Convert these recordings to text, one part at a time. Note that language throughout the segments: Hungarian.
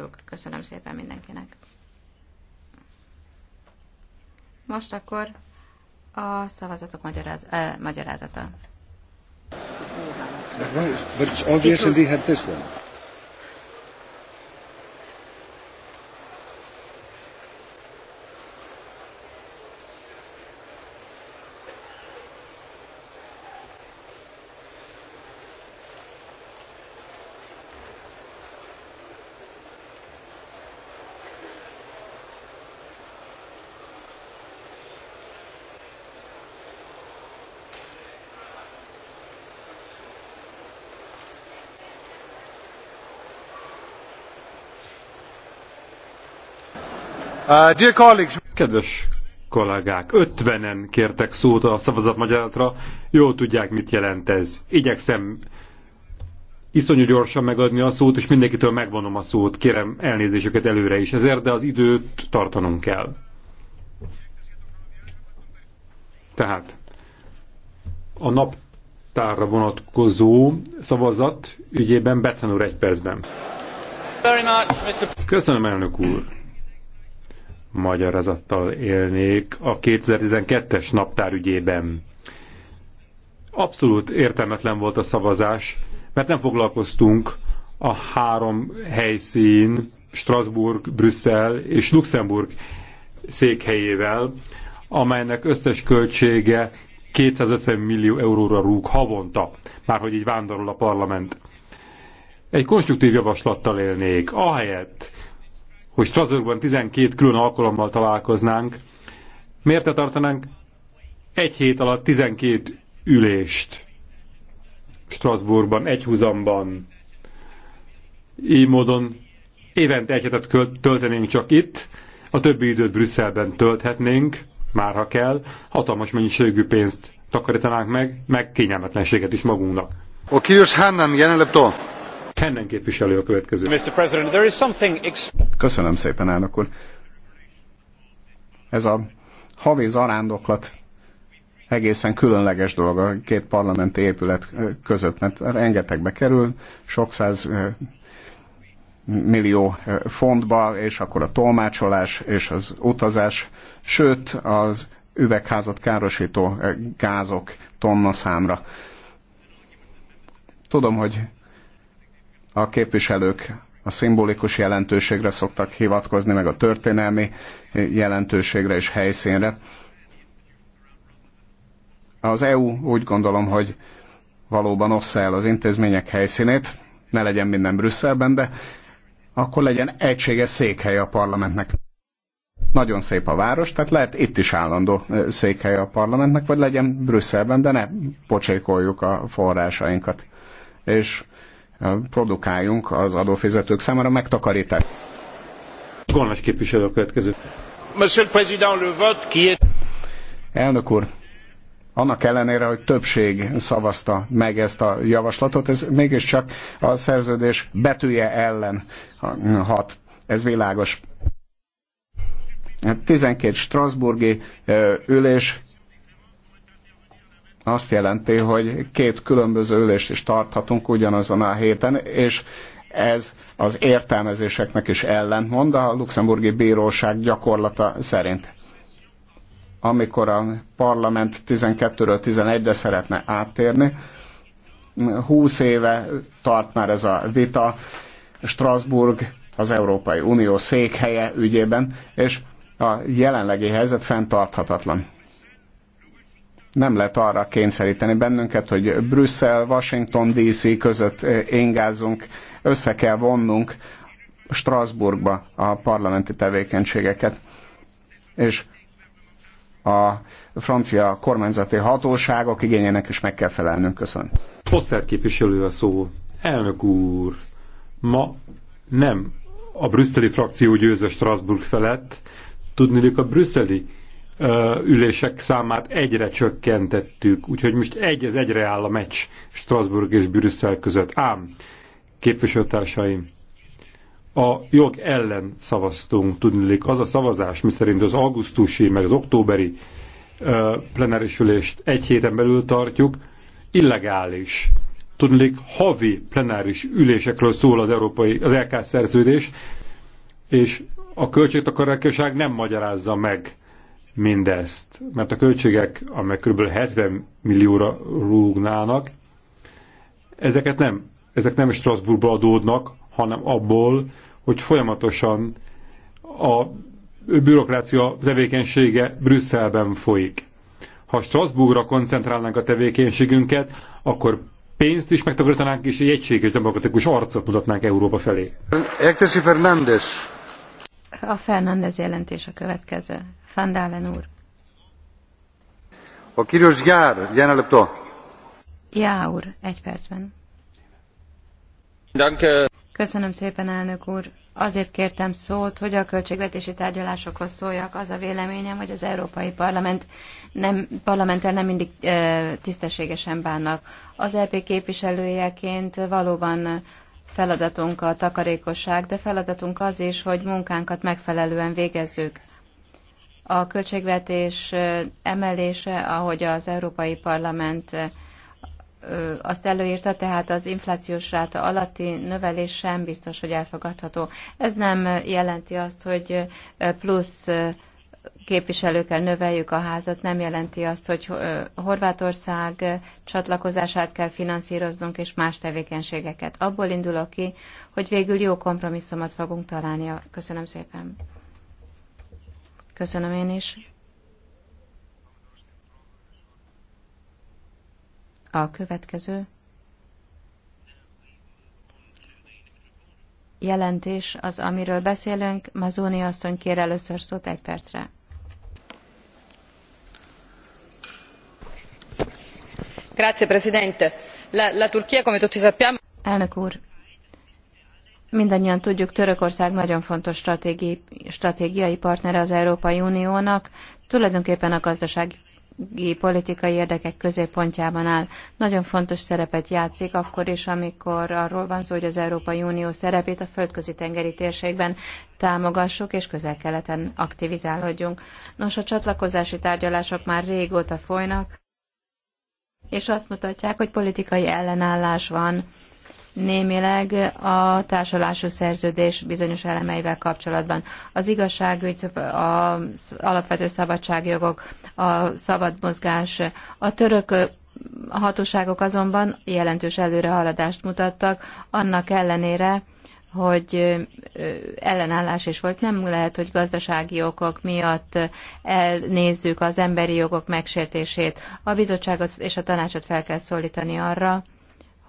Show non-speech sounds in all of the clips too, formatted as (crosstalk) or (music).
elfogadtuk. Köszönöm szépen mindenkinek. Most akkor a szavazatok magyaráz, eh, magyarázata. But, but obviously they have this then. Uh, Kedves kollégák, 50-en kértek szót a szavazatmagyaratra, jól tudják, mit jelent ez. Igyekszem iszonyú gyorsan megadni a szót, és mindenkitől megvonom a szót, kérem elnézésüket előre is ezért, de az időt tartanunk kell. Tehát a naptárra vonatkozó szavazat ügyében Betlen úr egy percben. Köszönöm, elnök úr magyarázattal élnék a 2012-es naptár ügyében. Abszolút értelmetlen volt a szavazás, mert nem foglalkoztunk a három helyszín, Strasbourg, Brüsszel és Luxemburg székhelyével, amelynek összes költsége 250 millió euróra rúg havonta, már hogy így vándorol a parlament. Egy konstruktív javaslattal élnék, ahelyett, hogy Strasbourgban 12 külön alkalommal találkoznánk, miért ne tartanánk egy hét alatt 12 ülést Strasbourgban, egy húzamban. Így módon évente egy hetet töltenénk csak itt, a többi időt Brüsszelben tölthetnénk, már ha kell, hatalmas mennyiségű pénzt takarítanánk meg, meg kényelmetlenséget is magunknak. A Hannan jelenleptől képviselő a következő. Mr. President, there is something Köszönöm szépen, elnök úr. Ez a havi zarándoklat egészen különleges dolog a két parlamenti épület között, mert rengetegbe kerül, sok száz millió fontba, és akkor a tolmácsolás és az utazás, sőt az üvegházat károsító gázok tonna számra. Tudom, hogy a képviselők a szimbolikus jelentőségre szoktak hivatkozni, meg a történelmi jelentőségre és helyszínre. Az EU úgy gondolom, hogy valóban ossza el az intézmények helyszínét, ne legyen minden Brüsszelben, de akkor legyen egységes székhely a parlamentnek. Nagyon szép a város, tehát lehet itt is állandó székhely a parlamentnek, vagy legyen Brüsszelben, de ne pocsékoljuk a forrásainkat. És produkáljunk az adófizetők számára megtakarítást. Gonas képviselő a következő. Monsieur le Président, le vote qui est... Elnök úr, annak ellenére, hogy többség szavazta meg ezt a javaslatot, ez mégiscsak a szerződés betűje ellen hat. Ez világos. 12 hát Strasburgi ülés azt jelenti, hogy két különböző ülést is tarthatunk ugyanazon a héten, és ez az értelmezéseknek is ellentmond a luxemburgi bíróság gyakorlata szerint. Amikor a parlament 12-ről 11-re szeretne áttérni, 20 éve tart már ez a vita Strasbourg, az Európai Unió székhelye ügyében, és a jelenlegi helyzet fenntarthatatlan nem lehet arra kényszeríteni bennünket, hogy Brüsszel, Washington DC között ingázunk, össze kell vonnunk Strasbourgba a parlamenti tevékenységeket. És a francia kormányzati hatóságok igényének is meg kell felelnünk. Köszönöm. Poszter képviselő a szó. Elnök úr, ma nem a brüsszeli frakció győző Strasbourg felett, tudnilik a brüsszeli ülések számát egyre csökkentettük, úgyhogy most egy az egyre áll a meccs Strasbourg és Brüsszel között. Ám, képviselőtársaim, a jog ellen szavaztunk, tudnék, az a szavazás, miszerint az augusztusi, meg az októberi ülést egy héten belül tartjuk, illegális. Tudnék, havi plenáris ülésekről szól az, európai, az LK szerződés, és a költségtakarákosság nem magyarázza meg mindezt, mert a költségek, amelyek kb. 70 millióra rúgnának, ezeket nem, ezek nem Strasbourgba adódnak, hanem abból, hogy folyamatosan a bürokrácia tevékenysége Brüsszelben folyik. Ha Strasbourgra koncentrálnánk a tevékenységünket, akkor pénzt is megtakarítanánk, és egy egységes demokratikus arcot mutatnánk Európa felé. Ektesi Fernández. A Fernández jelentés a következő. Fandálen úr. A Kirios Gyár, Ján Lepto. Já úr, egy percben. Danke. Köszönöm szépen, elnök úr. Azért kértem szót, hogy a költségvetési tárgyalásokhoz szóljak. Az a véleményem, hogy az Európai Parlament nem, parlamenttel nem mindig e, tisztességesen bánnak. Az EP képviselőjeként valóban feladatunk a takarékosság, de feladatunk az is, hogy munkánkat megfelelően végezzük. A költségvetés emelése, ahogy az Európai Parlament azt előírta, tehát az inflációs ráta alatti növelés sem biztos, hogy elfogadható. Ez nem jelenti azt, hogy plusz képviselőkkel növeljük a házat, nem jelenti azt, hogy Horvátország csatlakozását kell finanszíroznunk, és más tevékenységeket. Abból indulok ki, hogy végül jó kompromisszumot fogunk találni. Köszönöm szépen. Köszönöm én is. A következő. jelentés az, amiről beszélünk. Mazóni asszony kér először szót egy percre. Grazie, Presidente. La, la Turchia, come tutti sappiamo... Elnök úr, mindannyian tudjuk, Törökország nagyon fontos stratégiai, stratégiai partnere az Európai Uniónak, tulajdonképpen a gazdasági gazdasági politikai érdekek középpontjában áll. Nagyon fontos szerepet játszik akkor is, amikor arról van szó, hogy az Európai Unió szerepét a földközi tengeri térségben támogassuk és közel-keleten aktivizálódjunk. Nos, a csatlakozási tárgyalások már régóta folynak, és azt mutatják, hogy politikai ellenállás van némileg a társulású szerződés bizonyos elemeivel kapcsolatban. Az igazságügy, az alapvető szabadságjogok, a szabad mozgás. A török hatóságok azonban jelentős előrehaladást mutattak, annak ellenére, hogy ellenállás is volt. Nem lehet, hogy gazdasági okok miatt elnézzük az emberi jogok megsértését. A bizottságot és a tanácsot fel kell szólítani arra,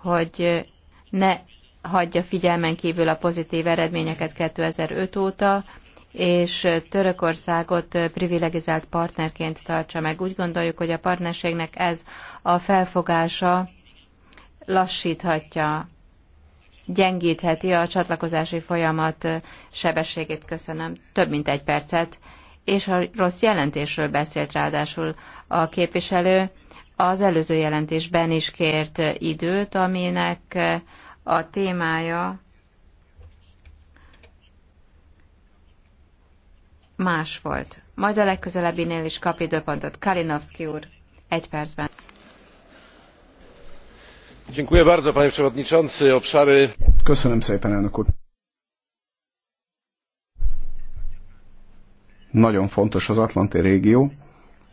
hogy ne hagyja figyelmen kívül a pozitív eredményeket 2005 óta, és Törökországot privilegizált partnerként tartsa meg. Úgy gondoljuk, hogy a partnerségnek ez a felfogása lassíthatja, gyengítheti a csatlakozási folyamat sebességét. Köszönöm. Több mint egy percet. És a rossz jelentésről beszélt ráadásul a képviselő, az előző jelentésben is kért időt, aminek a témája más volt. Majd a legközelebbinél is kap időpontot. Kalinowski úr, egy percben. Dziękuję bardzo, panie przewodniczący. Obszary... Köszönöm szépen, elnök úr. Nagyon fontos az Atlanti régió,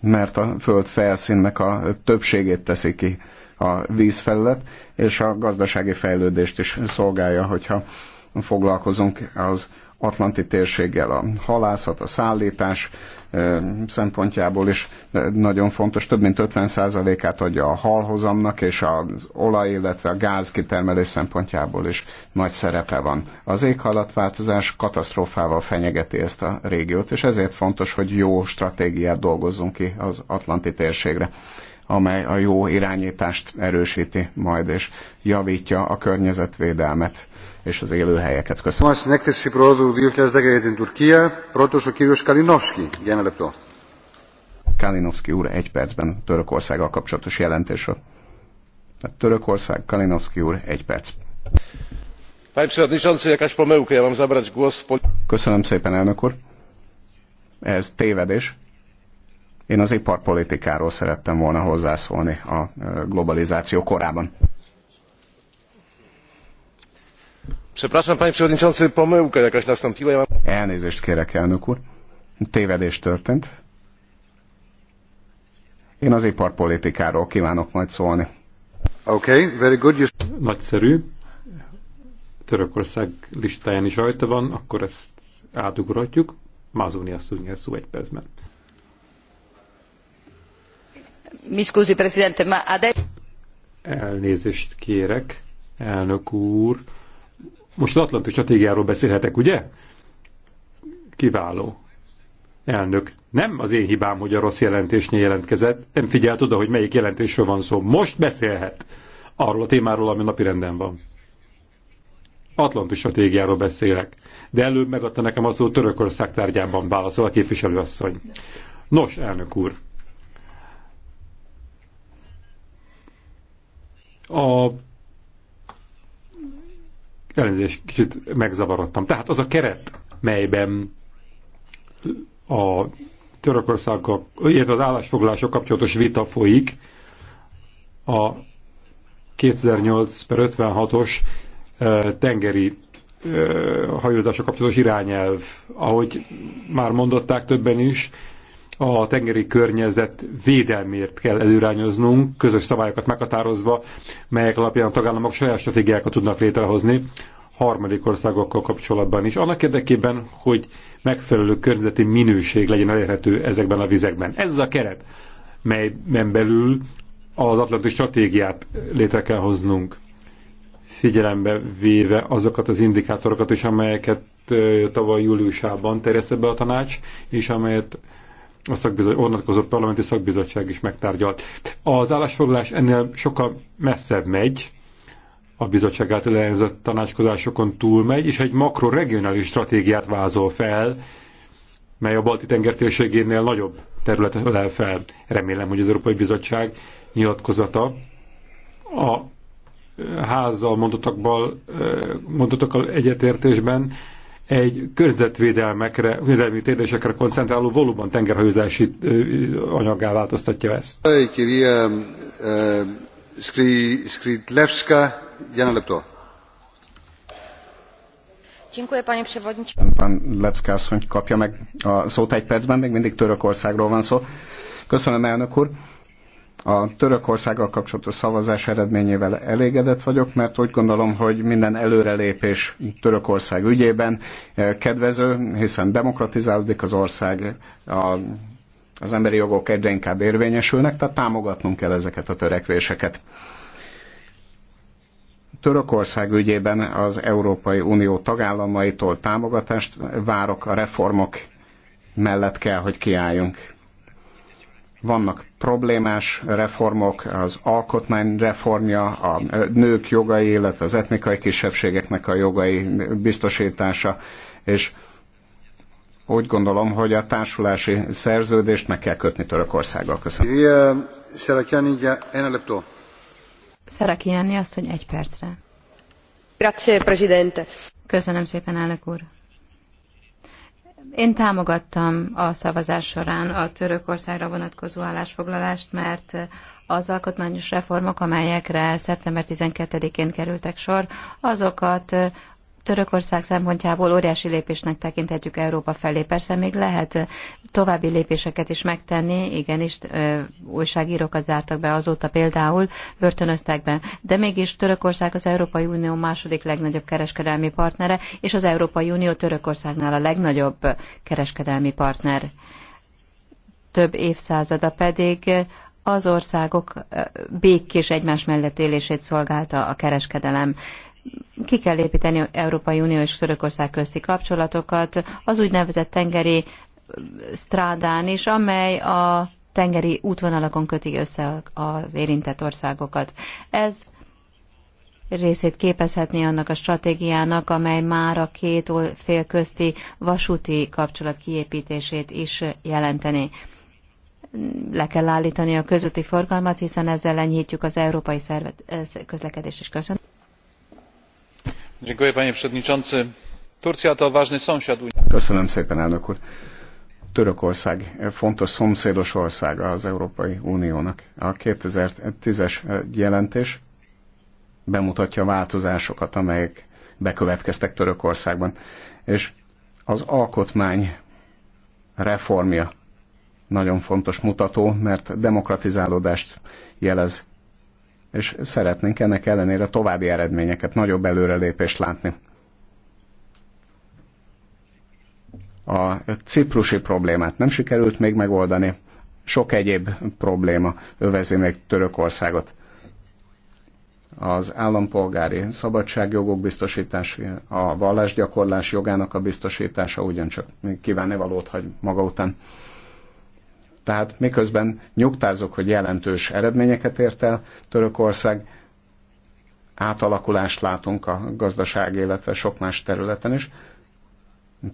mert a föld felszínnek a többségét teszi ki a vízfelület, és a gazdasági fejlődést is szolgálja, hogyha foglalkozunk az Atlanti térséggel a halászat, a szállítás szempontjából is nagyon fontos. Több mint 50%-át adja a halhozamnak, és az olaj, illetve a gáz kitermelés szempontjából is nagy szerepe van. Az éghajlatváltozás katasztrófával fenyegeti ezt a régiót, és ezért fontos, hogy jó stratégiát dolgozzunk ki az Atlanti térségre amely a jó irányítást erősíti majd, és javítja a környezetvédelmet és az élőhelyeket. Köszönöm. Μας e? Kalinowski úr egy percben Törökországgal kapcsolatos jelentésről. Törökország, Kalinowski úr egy perc. Köszönöm szépen, elnök úr. Ez tévedés én az iparpolitikáról szerettem volna hozzászólni a e, globalizáció korában. Przepraszam, panie przewodniczący, pomyłka jakaś nastąpiła. Ja mam... Elnézést kérek, elnök úr. Tévedés történt. Én az iparpolitikáról kívánok majd szólni. Okay, very good. You... Nagyszerű. Törökország listáján is rajta van, akkor ezt átugratjuk. Mazónia szó egy percben. Mi scusi, Presidente, ma adesso... Elnézést kérek, elnök úr. Most az Atlanti stratégiáról beszélhetek, ugye? Kiváló. Elnök, nem az én hibám, hogy a rossz jelentésnél jelentkezett. Nem figyelt oda, hogy melyik jelentésről van szó. Most beszélhet arról a témáról, ami napi renden van. Atlanti stratégiáról beszélek. De előbb megadta nekem a szó Törökország tárgyában válaszol a képviselőasszony. Nos, elnök úr, A elnézést, kicsit megzavarodtam. Tehát az a keret, melyben a Törökországgal, illetve az állásfoglalások kapcsolatos vita folyik, a 2008 per 56-os tengeri hajózások kapcsolatos irányelv, ahogy már mondották többen is, a tengeri környezet védelmért kell előrányoznunk, közös szabályokat meghatározva, melyek alapján a tagállamok saját stratégiákat tudnak létrehozni harmadik országokkal kapcsolatban is. Annak érdekében, hogy megfelelő környezeti minőség legyen elérhető ezekben a vizekben. Ez az a keret, melyben belül az atlanti stratégiát létre kell hoznunk, figyelembe véve azokat az indikátorokat is, amelyeket tavaly júliusában terjesztett be a tanács, és amelyet a szakbizony, vonatkozó parlamenti szakbizottság is megtárgyalt. Az állásfoglalás ennél sokkal messzebb megy, a bizottság által ellenőrzött tanácskozásokon túlmegy, és egy makroregionális stratégiát vázol fel, mely a balti tenger térségénél nagyobb területet ölel fel. Remélem, hogy az Európai Bizottság nyilatkozata a házzal mondottakkal egyetértésben egy környezetvédelmekre, védelmi kérdésekre koncentráló valóban tengerhajózási anyagá változtatja ezt. Skridlewska, Jana Lepto. Pán Lepszka asszony kapja meg a szót egy percben, még mindig Törökországról van szó. Köszönöm, elnök úr a Törökországgal kapcsolatos szavazás eredményével elégedett vagyok, mert úgy gondolom, hogy minden előrelépés Törökország ügyében eh, kedvező, hiszen demokratizálódik az ország, a, az emberi jogok egyre inkább érvényesülnek, tehát támogatnunk kell ezeket a törekvéseket. Törökország ügyében az Európai Unió tagállamaitól támogatást várok, a reformok mellett kell, hogy kiálljunk vannak problémás reformok, az alkotmány reformja, a nők jogai, illetve az etnikai kisebbségeknek a jogai biztosítása, és úgy gondolom, hogy a társulási szerződést meg kell kötni Törökországgal. Köszönöm. azt, hogy egy percre. Grazie, Presidente. Köszönöm szépen, elnök úr. Én támogattam a szavazás során a Törökországra vonatkozó állásfoglalást, mert az alkotmányos reformok, amelyekre szeptember 12-én kerültek sor, azokat Törökország szempontjából óriási lépésnek tekinthetjük Európa felé. Persze még lehet további lépéseket is megtenni, igenis újságírókat zártak be azóta például, börtönöztek be. De mégis Törökország az Európai Unió második legnagyobb kereskedelmi partnere, és az Európai Unió Törökországnál a legnagyobb kereskedelmi partner. Több évszázada pedig az országok békés egymás mellett élését szolgálta a kereskedelem ki kell építeni Európai Unió és Törökország közti kapcsolatokat az úgynevezett tengeri strádán is, amely a tengeri útvonalakon köti össze az érintett országokat. Ez részét képezhetné annak a stratégiának, amely már a két fél közti vasúti kapcsolat kiépítését is jelenteni. Le kell állítani a közúti forgalmat, hiszen ezzel enyhítjük az európai szervet, közlekedést is. Köszönöm törökország eh, fontos szomszédos ország az európai uniónak. a two thousand and ten es jelentés bemutatja a változásokat amelyek bekövetkeztek törökországban és az alkotmány reformja nagyon fontos mutató, mert demokratizálódást jelez és szeretnénk ennek ellenére további eredményeket, nagyobb előrelépést látni. A ciprusi problémát nem sikerült még megoldani, sok egyéb probléma övezi még Törökországot az állampolgári szabadságjogok biztosítása, a vallásgyakorlás jogának a biztosítása ugyancsak kívánni valót hagy maga után. Tehát miközben nyugtázok, hogy jelentős eredményeket ért el Törökország, átalakulást látunk a gazdaság, illetve sok más területen is,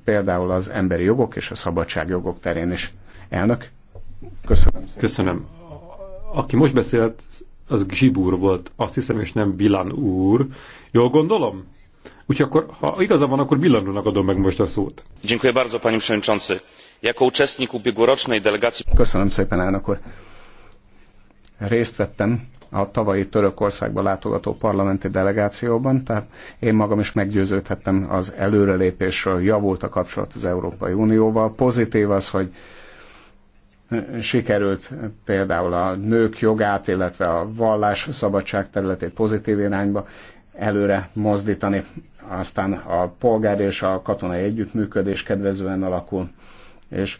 például az emberi jogok és a szabadságjogok terén is. Elnök, köszönöm szépen. Köszönöm. Aki most beszélt, az Gzsibúr volt, azt hiszem, és nem Bilan úr. Jól gondolom? Úgyhogy akkor, ha igaza van, akkor Billandónak adom meg most a szót. Dziękuję bardzo, panie przewodniczący. Jako uczestnik ubiegłorocznej delegacji... Köszönöm szépen, elnök úr. Részt vettem a tavalyi Törökországba látogató parlamenti delegációban, tehát én magam is meggyőződhettem az előrelépésről, javult a kapcsolat az Európai Unióval. Pozitív az, hogy eh, sikerült például a nők jogát, illetve a vallás szabadság területét pozitív irányba előre mozdítani aztán a polgár és a katonai együttműködés kedvezően alakul, és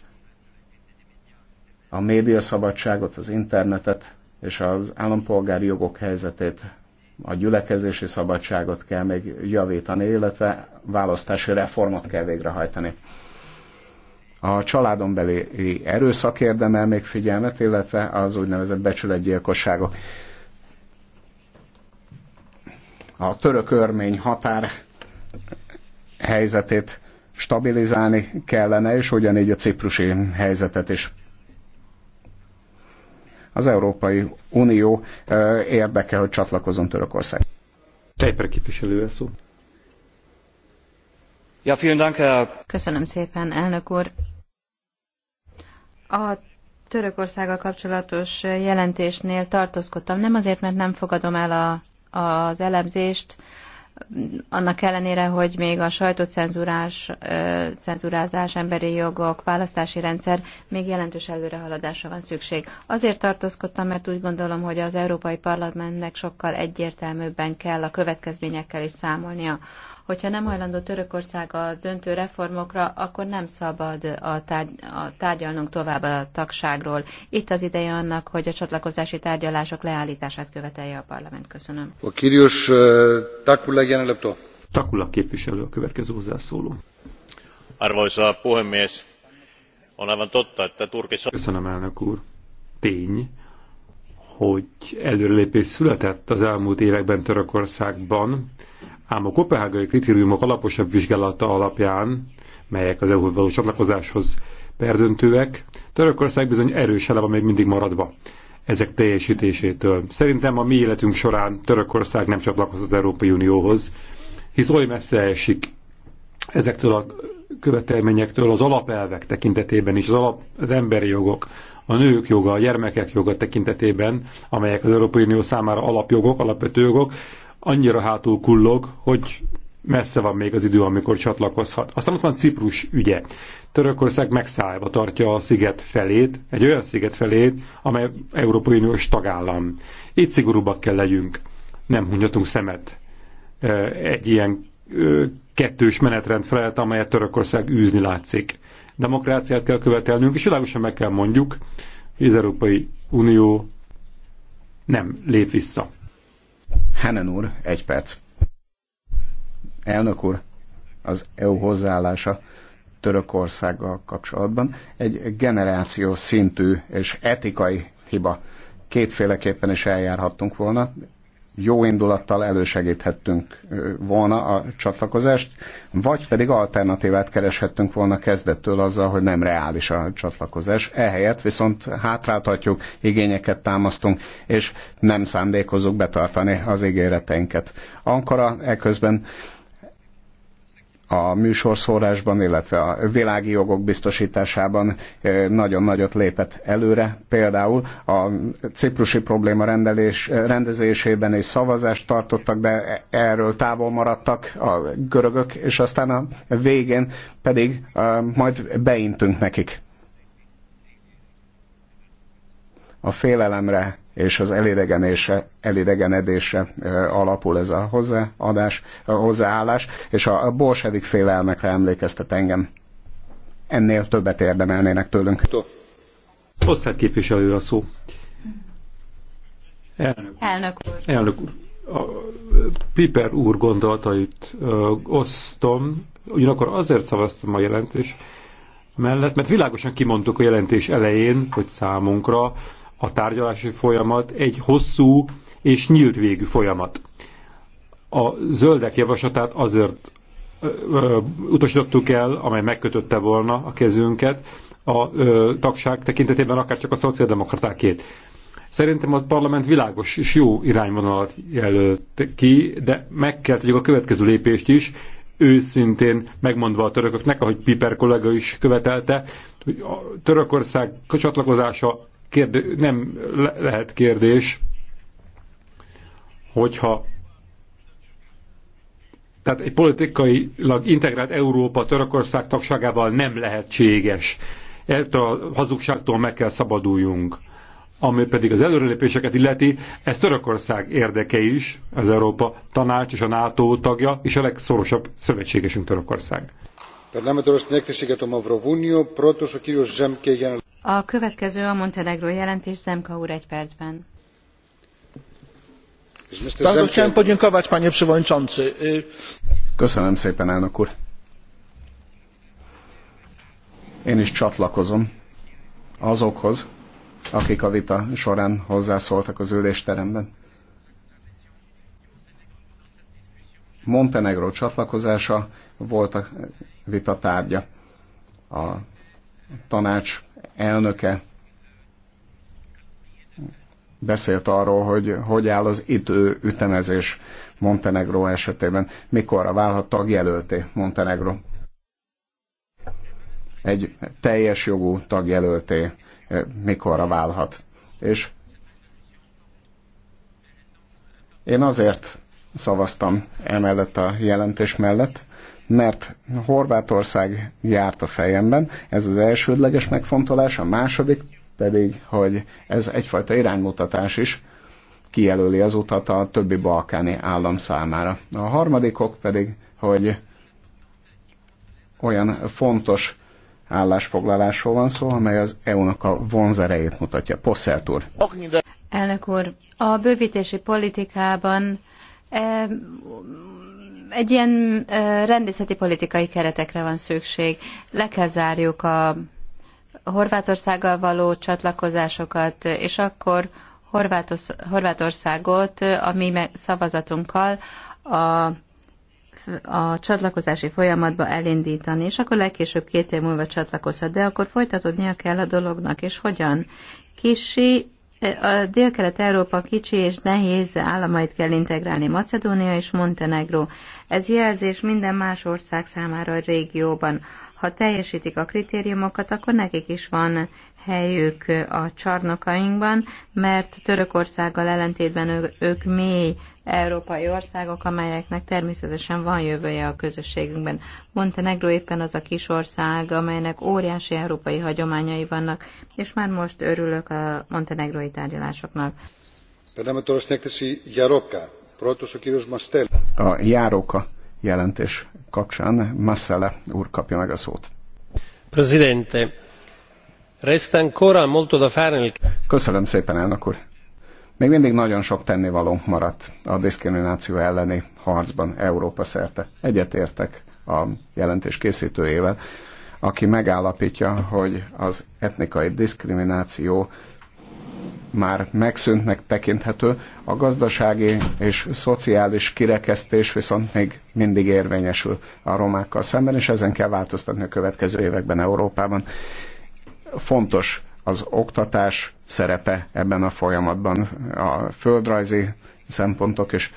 a médiaszabadságot, az internetet és az állampolgári jogok helyzetét, a gyülekezési szabadságot kell még javítani, illetve választási reformot kell végrehajtani. A családon beli erőszak érdemel még figyelmet, illetve az úgynevezett becsületgyilkosságok. A török-örmény határ helyzetét stabilizálni kellene, és ugyanígy a ciprusi helyzetet is. Az Európai Unió érdeke, hogy csatlakozzon Törökország. Tejper képviselő szó. Ja, vielen Dank, Köszönöm szépen, elnök úr. A Törökországgal kapcsolatos jelentésnél tartózkodtam, nem azért, mert nem fogadom el a, az elemzést, annak ellenére, hogy még a sajtócenzúrás, cenzúrázás, emberi jogok, választási rendszer még jelentős előrehaladásra van szükség. Azért tartózkodtam, mert úgy gondolom, hogy az Európai Parlamentnek sokkal egyértelműbben kell a következményekkel is számolnia. Hogyha nem hajlandó Törökország a döntő reformokra, akkor nem szabad a, tárgy, a tárgyalnunk tovább a tagságról. Itt az ideje annak, hogy a csatlakozási tárgyalások leállítását követelje a parlament. Köszönöm. A kirjus eh, Takula jelenlepto. Takula képviselő a következő hozzászóló. Arvoisa puhemies, on aivan totta, että Turkissa... Köszönöm, elnök úr. Tény, hogy előrelépés született az elmúlt években Törökországban Ám a kopehágai kritériumok alaposabb vizsgálata alapján, melyek az EU-hoz való csatlakozáshoz perdöntőek, Törökország bizony erős eleve még mindig maradva ezek teljesítésétől. Szerintem a mi életünk során Törökország nem csatlakozott az Európai Unióhoz, hisz oly messze esik ezektől a követelményektől az alapelvek tekintetében is, az, alap, az emberi jogok, a nők joga, a gyermekek joga tekintetében, amelyek az Európai Unió számára alapjogok, alapvető jogok, annyira hátul kullog, hogy messze van még az idő, amikor csatlakozhat. Aztán ott van Ciprus ügye. Törökország megszállva tartja a sziget felét, egy olyan sziget felét, amely Európai Uniós tagállam. Itt szigorúbbak kell legyünk. Nem hunyatunk szemet egy ilyen kettős menetrend felett, amelyet Törökország űzni látszik. Demokráciát kell követelnünk, és világosan meg kell mondjuk, hogy az Európai Unió nem lép vissza. Hennen úr, egy perc. Elnök úr, az EU hozzáállása Törökországgal kapcsolatban egy generáció szintű és etikai hiba. Kétféleképpen is eljárhattunk volna, jó indulattal elősegíthettünk volna a csatlakozást, vagy pedig alternatívát kereshettünk volna kezdettől azzal, hogy nem reális a csatlakozás. Ehelyett viszont hátráltatjuk, igényeket támasztunk, és nem szándékozunk betartani az ígéreteinket. Ankara eközben a műsorszórásban, illetve a világi jogok biztosításában nagyon nagyot lépett előre. Például a ciprusi probléma rendelés, rendezésében is szavazást tartottak, de erről távol maradtak a görögök, és aztán a végén pedig majd beintünk nekik. a félelemre és az elidegenedésre alapul ez a hozzáadás, a hozzáállás, és a bolsevik félelmekre emlékeztet engem. Ennél többet érdemelnének tőlünk. Osztályt képviselő a szó. Elnök, Elnök úr. Elnök úr. A Piper úr gondolatait osztom, ugyanakkor azért szavaztam a jelentés mellett, mert világosan kimondtuk a jelentés elején, hogy számunkra a tárgyalási folyamat egy hosszú és nyílt végű folyamat. A zöldek javaslatát azért utasítottuk el, amely megkötötte volna a kezünket a ö, tagság tekintetében, akár csak a szociáldemokratákét. Szerintem a parlament világos és jó irányvonalat jelölt ki, de meg kell tegyük a következő lépést is, őszintén megmondva a törököknek, ahogy Piper kollega is követelte, hogy a Törökország csatlakozása kérdő, nem lehet kérdés, hogyha tehát egy politikailag integrált Európa Törökország tagságával nem lehetséges. Ettől a hazugságtól meg kell szabaduljunk. Ami pedig az előrelépéseket illeti, ez Törökország érdeke is, az Európa Tanács és a NATO tagja, és a legszorosabb szövetségesünk Törökország. Tehát nem a Mavrovunio, protos a Zsemke a következő a Montenegro jelentés Zemka úr egy percben. Bardzo chciałem podziękować, panie przewodniczący. Köszönöm szépen, elnök úr. Én is csatlakozom azokhoz, akik a vita során hozzászóltak az ülésteremben. Montenegro csatlakozása volt a vita tárgya a tanács elnöke beszélt arról, hogy hogy áll az idő ütemezés Montenegro esetében. Mikorra válhat tagjelölté Montenegro? Egy teljes jogú tagjelölté eh, mikorra válhat? És én azért szavaztam emellett a jelentés mellett, mert Horvátország járt a fejemben, ez az elsődleges megfontolás, a második pedig, hogy ez egyfajta iránymutatás is, kijelöli az utat a többi balkáni állam számára. A harmadikok ok pedig, hogy olyan fontos állásfoglalásról van szó, amely az EU-nak a vonzerejét mutatja. Posselt úr. Elnök úr, a bővítési politikában egy ilyen rendészeti politikai keretekre van szükség. Le kell zárjuk a Horvátországgal való csatlakozásokat, és akkor Horvátországot ami szavazatunkkal a, a csatlakozási folyamatba elindítani, és akkor legkésőbb két év múlva csatlakozhat, de akkor folytatódnia kell a dolognak, és hogyan? Kisi a Dél-Kelet-Európa kicsi és nehéz államait kell integrálni Macedónia és Montenegro. Ez jelzés minden más ország számára a régióban. Ha teljesítik a kritériumokat, akkor nekik is van helyük a csarnokainkban, mert Törökországgal ellentétben ők mély európai országok, amelyeknek természetesen van jövője a közösségünkben. Montenegro éppen az a kis ország, amelynek óriási európai hagyományai vannak, és már most örülök a montenegrói tárgyalásoknak. A járóka jelentés kapcsán Massele úr kapja meg a szót. Presidente, Köszönöm szépen, elnök úr. Még mindig nagyon sok tennivalónk maradt a diszkrimináció elleni harcban Európa szerte. Egyetértek a jelentés készítőjével, aki megállapítja, hogy az etnikai diszkrimináció már megszűntnek tekinthető, a gazdasági és szociális kirekesztés viszont még mindig érvényesül a romákkal szemben, és ezen kell változtatni a következő években Európában. Fontos az oktatás szerepe ebben a folyamatban, a földrajzi szempontok és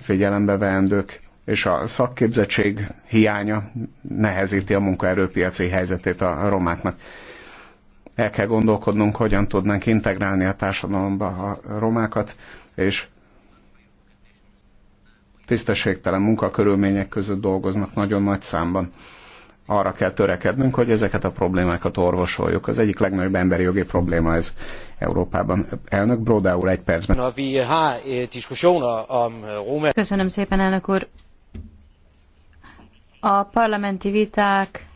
figyelembe veendők, és a szakképzettség hiánya nehezíti a munkaerőpiaci helyzetét a romáknak. El kell gondolkodnunk, hogyan tudnánk integrálni a társadalomba a romákat, és tisztességtelen munkakörülmények között dolgoznak nagyon nagy számban arra kell törekednünk, hogy ezeket a problémákat orvosoljuk. Az egyik legnagyobb emberi jogi probléma ez Európában. Elnök Broda úr, egy percben. Eh, eh, Köszönöm szépen, elnök úr. A parlamenti viták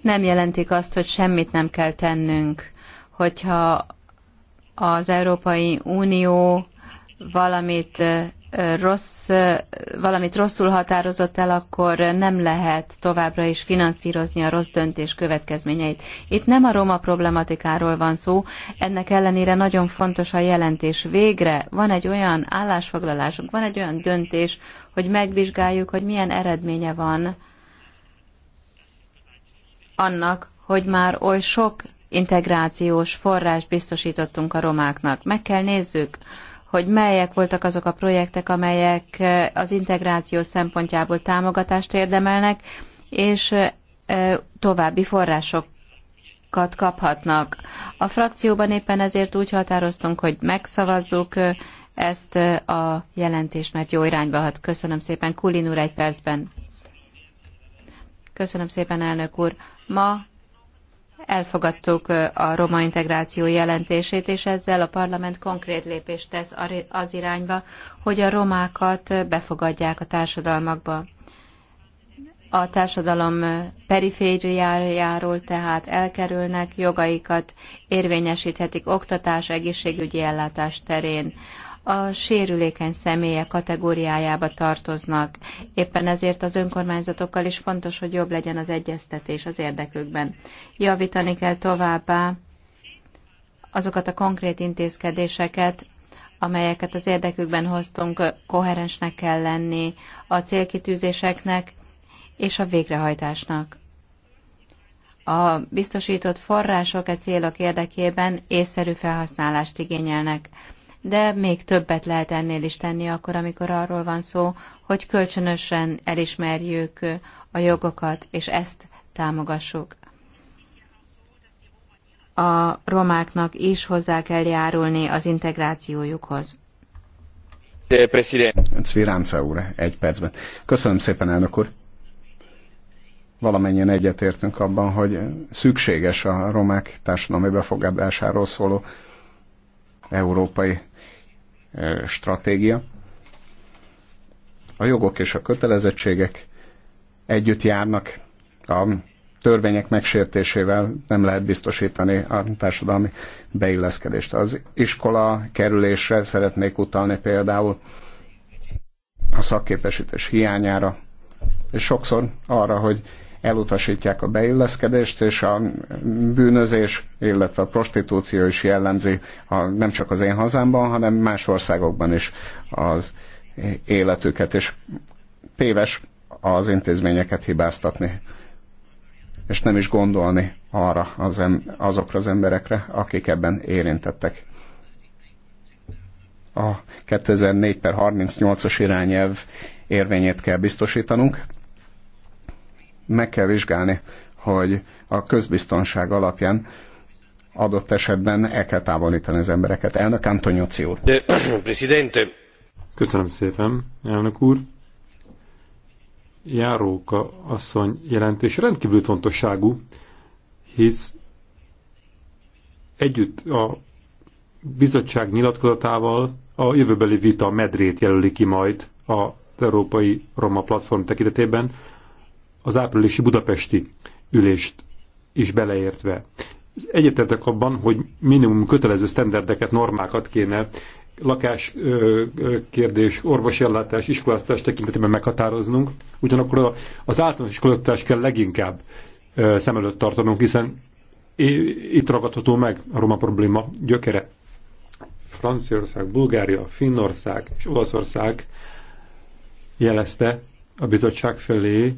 nem jelentik azt, hogy semmit nem kell tennünk, hogyha az Európai Unió valamit eh, rossz, valamit rosszul határozott el, akkor nem lehet továbbra is finanszírozni a rossz döntés következményeit. Itt nem a roma problematikáról van szó, ennek ellenére nagyon fontos a jelentés. Végre van egy olyan állásfoglalásunk, van egy olyan döntés, hogy megvizsgáljuk, hogy milyen eredménye van annak, hogy már oly sok integrációs forrást biztosítottunk a romáknak. Meg kell nézzük, hogy melyek voltak azok a projektek, amelyek az integráció szempontjából támogatást érdemelnek, és további források kaphatnak. A frakcióban éppen ezért úgy határoztunk, hogy megszavazzuk ezt a jelentést, mert jó irányba hat. Köszönöm szépen. Kulin úr egy percben. Köszönöm szépen, elnök úr. Ma elfogadtuk a roma integráció jelentését, és ezzel a parlament konkrét lépést tesz az irányba, hogy a romákat befogadják a társadalmakba. A társadalom perifériájáról tehát elkerülnek, jogaikat érvényesíthetik oktatás, egészségügyi ellátás terén a sérülékeny személyek kategóriájába tartoznak. Éppen ezért az önkormányzatokkal is fontos, hogy jobb legyen az egyeztetés az érdekükben. Javítani kell továbbá azokat a konkrét intézkedéseket, amelyeket az érdekükben hoztunk, koherensnek kell lenni a célkitűzéseknek és a végrehajtásnak. A biztosított források a e célok érdekében észszerű felhasználást igényelnek de még többet lehet ennél is tenni akkor, amikor arról van szó, hogy kölcsönösen elismerjük a jogokat, és ezt támogassuk. A romáknak is hozzá kell járulni az integrációjukhoz. Cviránca úr, egy percben. Köszönöm szépen, elnök úr. Valamennyien egyetértünk abban, hogy szükséges a romák társadalmi befogadásáról szóló európai stratégia. A jogok és a kötelezettségek együtt járnak, a törvények megsértésével nem lehet biztosítani a társadalmi beilleszkedést. Az iskola kerülésre szeretnék utalni például a szakképesítés hiányára, és sokszor arra, hogy elutasítják a beilleszkedést, és a bűnözés, illetve a prostitúció is jellemzi a, nem csak az én hazámban, hanem más országokban is az életüket, és téves az intézményeket hibáztatni, és nem is gondolni arra az em- azokra az emberekre, akik ebben érintettek. A 2004 per 38-as irányelv érvényét kell biztosítanunk, meg kell vizsgálni, hogy a közbiztonság alapján adott esetben el kell távolítani az embereket. Elnök Antoniozzi úr. Eh, (clears throat) Köszönöm szépen, elnök úr. Járóka asszony jelentés rendkívül fontosságú, hisz együtt a bizottság nyilatkozatával a jövőbeli vita medrét jelöli ki majd az Európai Roma Platform tekintetében, az áprilisi budapesti ülést is beleértve. Egyetértek abban, hogy minimum kötelező sztenderdeket, normákat kéne lakáskérdés, orvosi ellátás, iskoláztatás tekintetében meghatároznunk. Ugyanakkor az általános iskolatás kell leginkább szem előtt tartanunk, hiszen itt ragadható meg a roma probléma gyökere. Franciaország, Bulgária, Finnország és Olaszország jelezte a bizottság felé,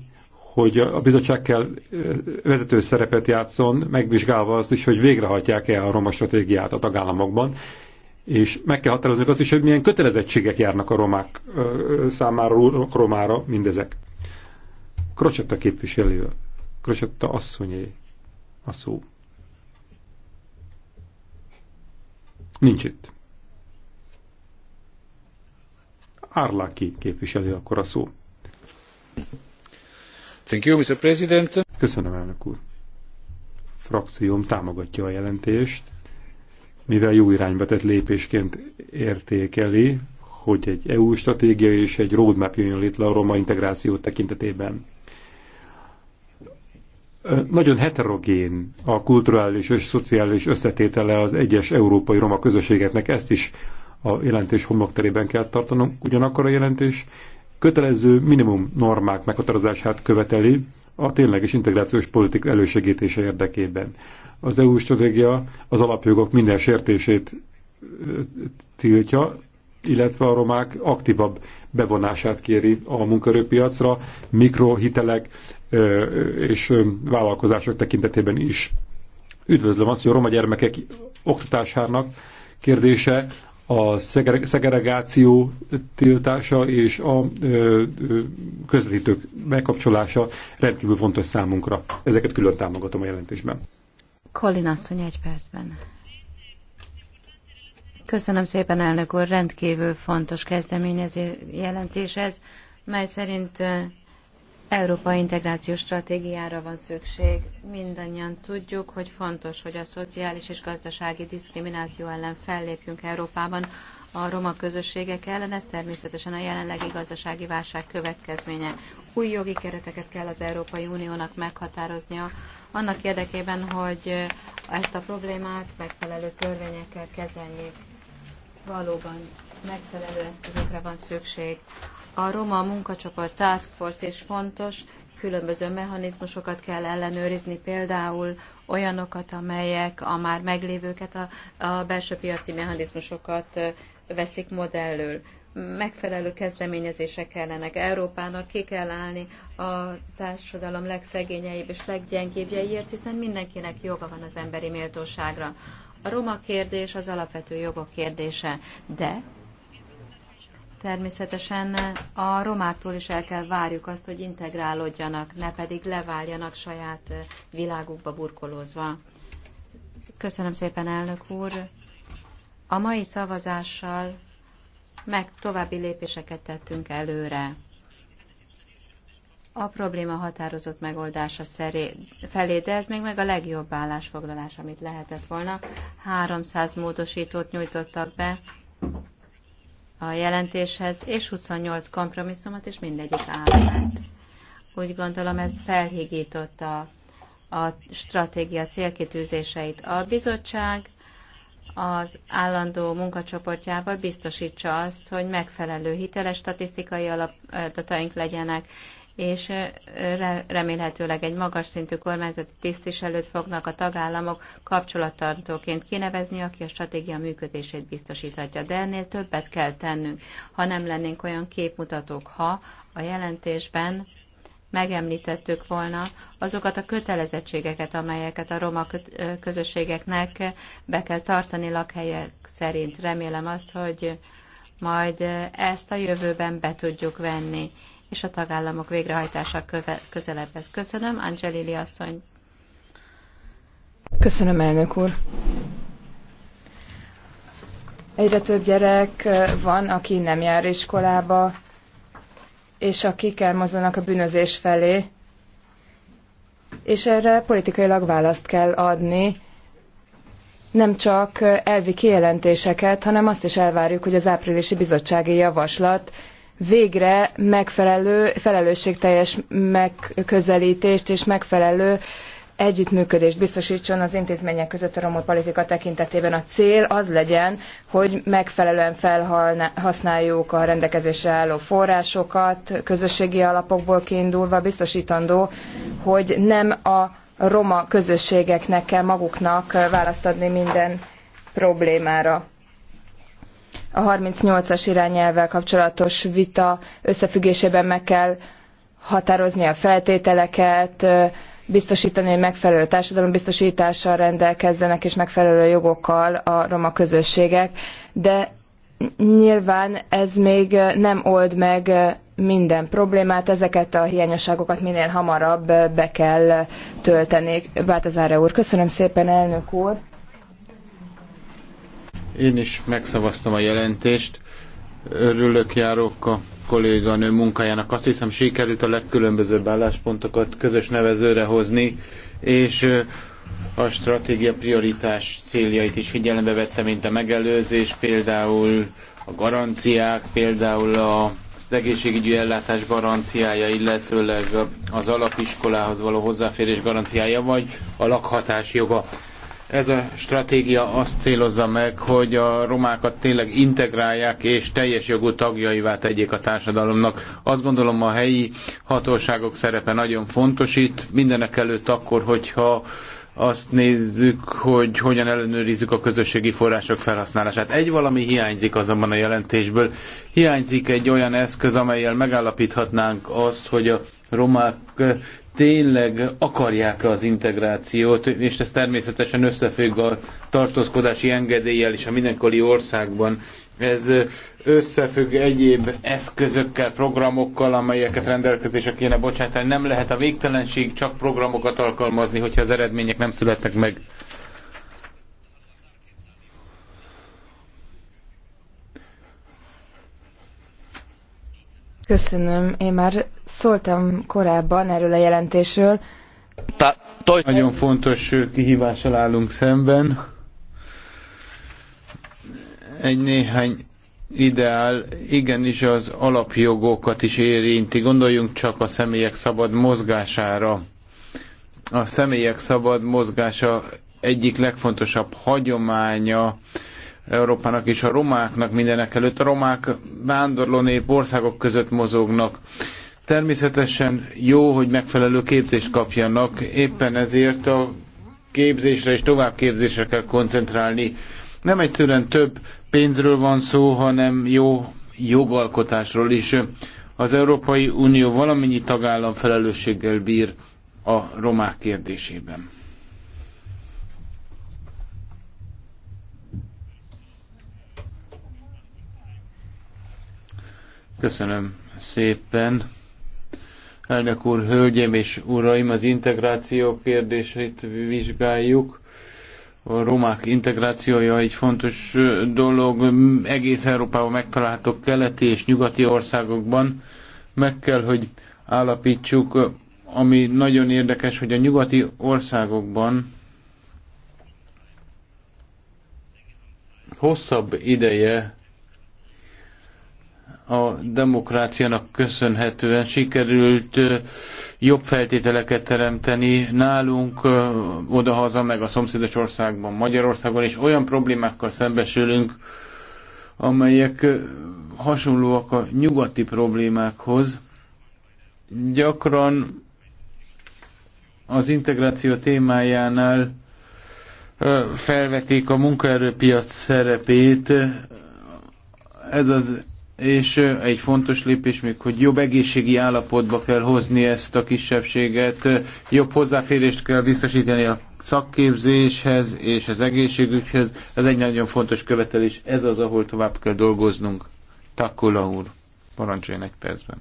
hogy a bizottság kell vezető szerepet játszon, megvizsgálva azt is, hogy végrehajtják-e a roma stratégiát a tagállamokban, és meg kell határozni azt is, hogy milyen kötelezettségek járnak a romák számára, romára mindezek. Krocsetta képviselő, Krocsetta asszonyé a szó. Nincs itt. Árláki képviselő akkor a szó. Thank you, Mr. President. Köszönöm, elnök úr. Frakcióm támogatja a jelentést, mivel jó irányba tett lépésként értékeli, hogy egy EU stratégia és egy roadmap jön létre a roma integráció tekintetében. Nagyon heterogén a kulturális és szociális összetétele az egyes európai roma közösségeknek, ezt is a jelentés homlokterében kell tartanom. Ugyanakkor a jelentés kötelező minimum normák meghatározását követeli a tényleges integrációs politika elősegítése érdekében. Az EU stratégia az alapjogok minden sértését tiltja, illetve a romák aktívabb bevonását kéri a munkaerőpiacra, mikrohitelek és vállalkozások tekintetében is. Üdvözlöm azt, hogy a roma gyermekek oktatásának kérdése a szegregáció tiltása és a közvetítők megkapcsolása rendkívül fontos számunkra. Ezeket külön támogatom a jelentésben. Colin asszony egy percben. Köszönöm szépen, elnök úr, rendkívül fontos kezdeményezés jelentés ez, mely szerint Európai integrációs stratégiára van szükség. Mindannyian tudjuk, hogy fontos, hogy a szociális és gazdasági diszkrimináció ellen fellépjünk Európában. A roma közösségek ellen ez természetesen a jelenlegi gazdasági válság következménye. Új jogi kereteket kell az Európai Uniónak meghatároznia annak érdekében, hogy ezt a problémát megfelelő törvényekkel kezeljék. Valóban megfelelő eszközökre van szükség a Roma munkacsoport Task Force is fontos, különböző mechanizmusokat kell ellenőrizni, például olyanokat, amelyek a már meglévőket, a, a belső piaci mechanizmusokat veszik modellül. Megfelelő kezdeményezések kellenek. Európának ki kell állni a társadalom legszegényeibb és leggyengébbjeiért, hiszen mindenkinek joga van az emberi méltóságra. A roma kérdés az alapvető jogok kérdése, de természetesen a romáktól is el kell várjuk azt, hogy integrálódjanak, ne pedig leváljanak saját világukba burkolózva. Köszönöm szépen, elnök úr! A mai szavazással meg további lépéseket tettünk előre. A probléma határozott megoldása szeré, felé, de ez még meg a legjobb állásfoglalás, amit lehetett volna. 300 módosítót nyújtottak be, a jelentéshez, és 28 kompromisszumot, és mindegyik állt. Úgy gondolom, ez felhigította a stratégia célkitűzéseit. A bizottság az állandó munkacsoportjával biztosítsa azt, hogy megfelelő hiteles statisztikai alapdataink legyenek, és remélhetőleg egy magas szintű kormányzati tisztviselőt fognak a tagállamok kapcsolattartóként kinevezni, aki a stratégia működését biztosíthatja. De ennél többet kell tennünk, ha nem lennénk olyan képmutatók, ha a jelentésben megemlítettük volna azokat a kötelezettségeket, amelyeket a roma közösségeknek be kell tartani lakhelyek szerint. Remélem azt, hogy majd ezt a jövőben be tudjuk venni és a tagállamok végrehajtása közelebb. közelebbhez. Köszönöm, Angelili asszony. Köszönöm, elnök úr. Egyre több gyerek van, aki nem jár iskolába, és akik elmozdulnak a bűnözés felé, és erre politikailag választ kell adni, nem csak elvi kijelentéseket, hanem azt is elvárjuk, hogy az áprilisi bizottsági javaslat végre megfelelő, felelősségteljes megközelítést és megfelelő együttműködést biztosítson az intézmények között a romol politika tekintetében. A cél az legyen, hogy megfelelően felhasználjuk a rendelkezésre álló forrásokat, közösségi alapokból kiindulva biztosítandó, hogy nem a roma közösségeknek kell maguknak választ adni minden problémára a 38-as irányelvvel kapcsolatos vita összefüggésében meg kell határozni a feltételeket, biztosítani, hogy megfelelő biztosítással rendelkezzenek és megfelelő jogokkal a roma közösségek, de nyilván ez még nem old meg minden problémát, ezeket a hiányosságokat minél hamarabb be kell tölteni. Bátazára úr, köszönöm szépen, elnök úr! Én is megszavaztam a jelentést. Örülök járok a kolléganő munkájának. Azt hiszem sikerült a legkülönbözőbb álláspontokat közös nevezőre hozni, és a stratégia prioritás céljait is figyelembe vette, mint a megelőzés, például a garanciák, például a az egészségügyi ellátás garanciája, illetőleg az alapiskolához való hozzáférés garanciája, vagy a lakhatás joga. Ez a stratégia azt célozza meg, hogy a romákat tényleg integrálják és teljes jogú tagjaivá tegyék a társadalomnak. Azt gondolom a helyi hatóságok szerepe nagyon fontos itt, mindenek előtt akkor, hogyha azt nézzük, hogy hogyan ellenőrizzük a közösségi források felhasználását. Egy valami hiányzik azonban a jelentésből. Hiányzik egy olyan eszköz, amelyel megállapíthatnánk azt, hogy a romák tényleg akarják -e az integrációt, és ez természetesen összefügg a tartózkodási engedéllyel és a mindenkori országban. Ez összefügg egyéb eszközökkel, programokkal, amelyeket rendelkezésre kéne bocsátani. Nem lehet a végtelenség csak programokat alkalmazni, hogyha az eredmények nem születnek meg. Köszönöm. Én már szóltam korábban erről a jelentésről. Nagyon fontos kihívással állunk szemben. Egy néhány ideál igenis az alapjogokat is érinti. Gondoljunk csak a személyek szabad mozgására. A személyek szabad mozgása egyik legfontosabb hagyománya Európának és a romáknak mindenek előtt. A romák vándorló nép országok között mozognak. Természetesen jó, hogy megfelelő képzést kapjanak, éppen ezért a képzésre és továbbképzésre kell koncentrálni. Nem egyszerűen több pénzről van szó, hanem jó jogalkotásról is. Az Európai Unió valamennyi tagállam felelősséggel bír a romák kérdésében. Köszönöm szépen. Elnök úr, hölgyem és uraim, az integráció kérdését vizsgáljuk. A romák integrációja egy fontos dolog. Egész Európában megtaláltok keleti és nyugati országokban. Meg kell, hogy állapítsuk, ami nagyon érdekes, hogy a nyugati országokban hosszabb ideje a demokráciának köszönhetően sikerült jobb feltételeket teremteni nálunk, odahaza, meg a szomszédos országban, Magyarországon, és olyan problémákkal szembesülünk, amelyek hasonlóak a nyugati problémákhoz. Gyakran az integráció témájánál felvetik a munkaerőpiac szerepét. Ez az és egy fontos lépés még, hogy jobb egészségi állapotba kell hozni ezt a kisebbséget, jobb hozzáférést kell biztosítani a szakképzéshez és az egészségügyhez. Ez egy nagyon fontos követelés, ez az, ahol tovább kell dolgoznunk. Takkula úr, parancsoljon egy percben.